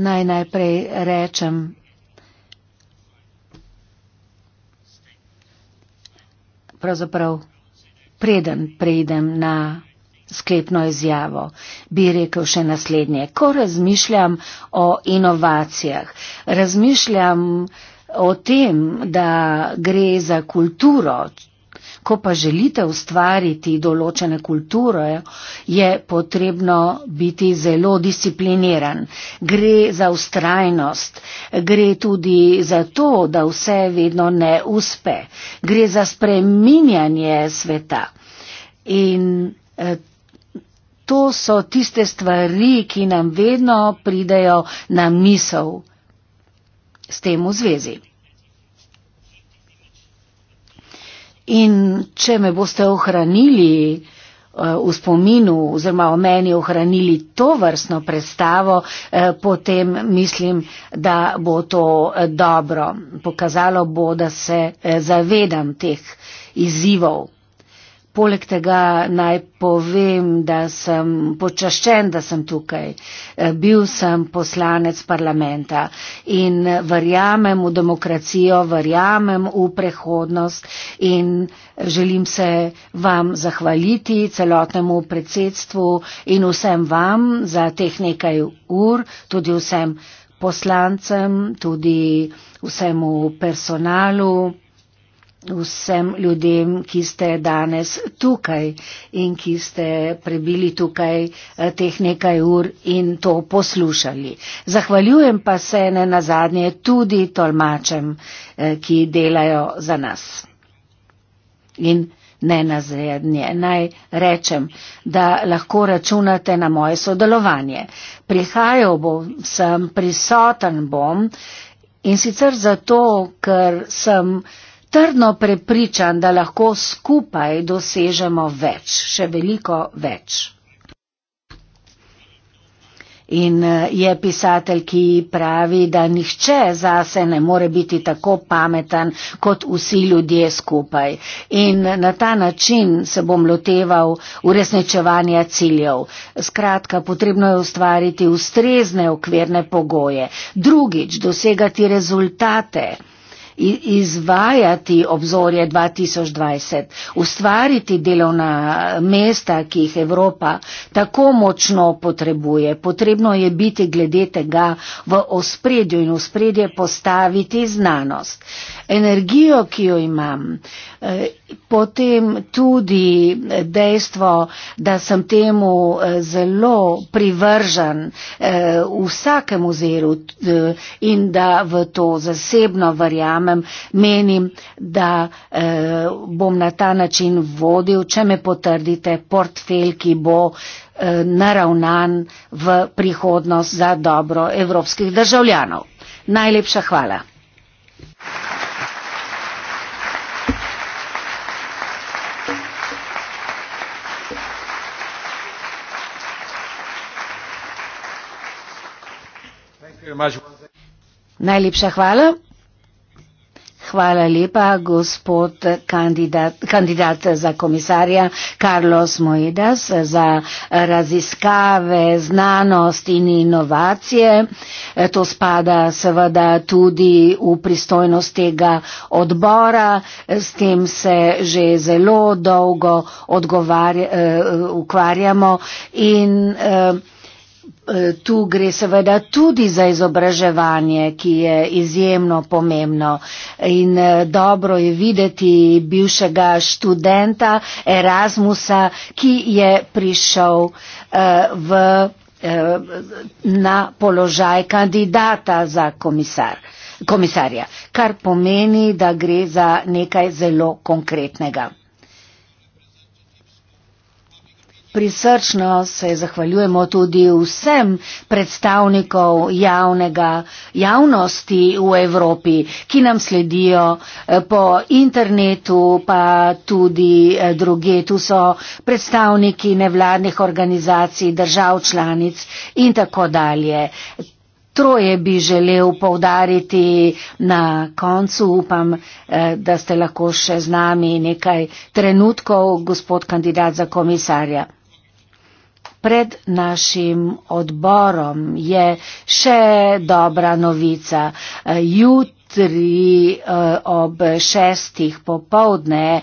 naj najprej rečem, pravzaprav preden preidem na sklepno izjavo, bi rekel še naslednje. Ko razmišljam o inovacijah, razmišljam o tem, da gre za kulturo, Ko pa želite ustvariti določene kulture, je potrebno biti zelo discipliniran. Gre za ustrajnost, gre tudi za to, da vse vedno ne uspe, gre za spreminjanje sveta. In eh, to so tiste stvari, ki nam vedno pridejo na misel s tem v zvezi. In če me boste ohranili eh, v spominu oziroma o meni ohranili to vrstno predstavo, eh, potem mislim, da bo to eh, dobro. Pokazalo bo, da se zavedam teh izzivov poleg tega naj povem, da sem počaščen, da sem tukaj. E, bil sem poslanec parlamenta in verjamem v demokracijo, verjamem v prehodnost in želim se vam zahvaliti celotnemu predsedstvu in vsem vam za teh nekaj ur, tudi vsem poslancem, tudi vsemu personalu vsem ljudem, ki ste danes tukaj in ki ste prebili tukaj eh, teh nekaj ur in to poslušali. Zahvaljujem pa se ne na zadnje tudi tolmačem, eh, ki delajo za nas. In ne na zadnje, naj rečem, da lahko računate na moje sodelovanje. Prihajal bom, sem prisoten bom in sicer zato, ker sem trdno prepričan, da lahko skupaj dosežemo več, še veliko več. In eh, je pisatelj, ki pravi, da nihče zase ne more biti tako pameten kot vsi ljudje skupaj. In na ta način se bom loteval uresničevanja ciljev. Skratka, potrebno je ustvariti ustrezne okvirne pogoje. Drugič, dosegati rezultate izvajati obzorje 2020, ustvariti delovna mesta, ki jih Evropa tako močno potrebuje. Potrebno je biti glede tega v ospredju in ospredje postaviti znanost. Energijo, ki jo imam, eh, potem tudi dejstvo, da sem temu eh, zelo privržen v eh, vsakem oziru in da v to zasebno verjamem, verjamem, menim, da eh, bom na ta način vodil, če me potrdite, portfelj, ki bo eh, naravnan v prihodnost za dobro evropskih državljanov. Najlepša hvala. Najlepša hvala. Hvala lepa, gospod kandidat, kandidat za komisarja Carlos Moedas za raziskave, znanost in inovacije. To spada seveda tudi v pristojnost tega odbora. S tem se že zelo dolgo odgovarja, eh, ukvarjamo. In, eh, Eh, tu gre seveda tudi za izobraževanje, ki je izjemno pomembno in eh, dobro je videti bivšega študenta Erasmusa, ki je prišel eh, v, na položaj kandidata za komisar, komisarja, kar pomeni, da gre za nekaj zelo konkretnega. Prisrčno se zahvaljujemo tudi vsem predstavnikov javnega, javnosti v Evropi, ki nam sledijo eh, po internetu, pa tudi eh, druge. Tu so predstavniki nevladnih organizacij, držav članic in tako dalje. Troje bi želel povdariti na koncu. Upam, eh, da ste lahko še z nami nekaj trenutkov, gospod kandidat za komisarja pred našim odborom je še dobra novica. Jutri eh, ob šestih popovdne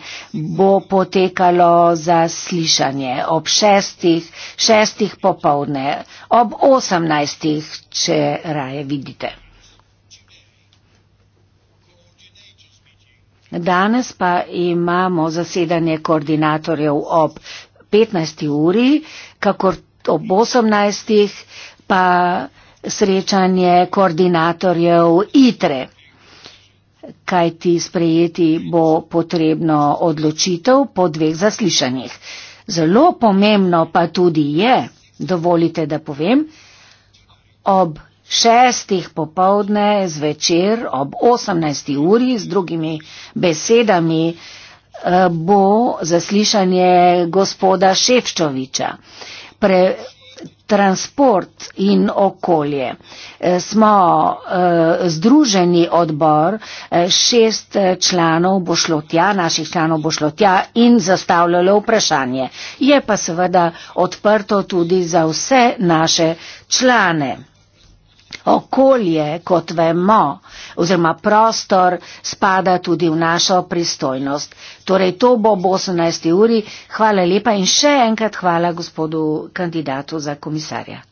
bo potekalo zaslišanje. Ob šestih, šestih popovdne, ob osemnajstih, če raje vidite. Danes pa imamo zasedanje koordinatorjev ob 15. uri, kakor ob 18. pa srečanje koordinatorjev ITRE. Kaj ti sprejeti bo potrebno odločitev po dveh zaslišanjih. Zelo pomembno pa tudi je, dovolite, da povem, ob šestih popovdne zvečer, ob 18. uri, z drugimi besedami, eh, bo zaslišanje gospoda Ševčoviča pre, transport in okolje. E, smo e, združeni odbor, e, šest članov bo šlo tja, naših članov bo šlo tja in zastavljalo vprašanje. Je pa seveda odprto tudi za vse naše člane. Okolje, kot vemo, oziroma prostor spada tudi v našo pristojnost. Torej, to bo ob 18. uri. Hvala lepa in še enkrat hvala gospodu kandidatu za komisarja.